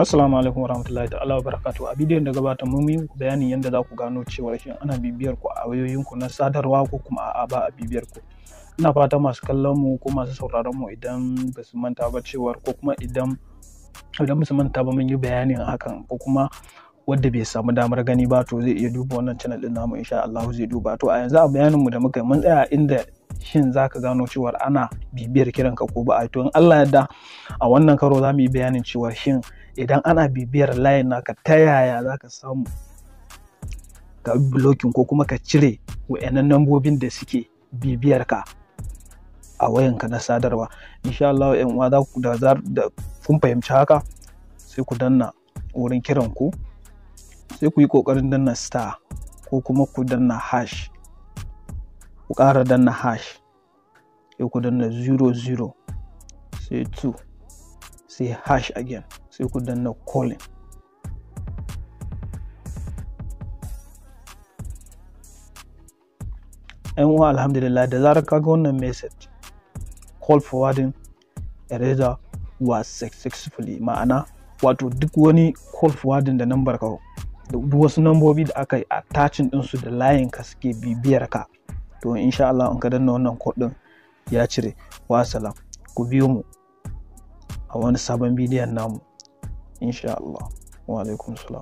Assalamu alaikum warahmatullahi ta'ala wa barakatuh. A bidiyon da gabata mun yi bayanin yadda za ku gano cewa shin ana bibiyar ku a wayoyin ku na sadarwa ko kuma a'a ba a bibiyar ku. Ina fata masu kallon mu ko masu sauraron mu idan ba su manta ba cewar ko kuma idan idan ba manta ba mun yi bayanin hakan ko kuma wanda bai samu damar gani ba to zai iya duba wannan channel din namu insha Allah zai duba to a yanzu a bayanin mu da muka mun tsaya inda shin za ka gano cewar ana bibiyar kiranka ko ba a to in Allah yadda a wannan karo za mu yi bayanin cewa shin idan ana bibiyar layin naka ta yaya za ka samu ka blocking ko kuma ka cire wa'annan nambobin da suke bibiyar ka a wayanka na sadarwa insha Allah yan uwa za da kun fahimci haka sai ku danna wurin kiran ku sai ku yi kokarin danna star ko kuma ku danna hash ku ƙara danna hash sai ku danna 00 sai 2 sai hash again sai ku danna calling yan uwa alhamdulillah da zarar ga wannan message call forwarding ereza was successfully ma'ana wato duk wani call forwarding da nambar ka duk wasu nambobi da aka yi attaching ɗinsu da layin ka suke bibiyar ka to insha Allah in ka danna wannan code din ya cire wa salam ku biyo mu a wani sabon bidiyon namu insha Allah wa alaikum salam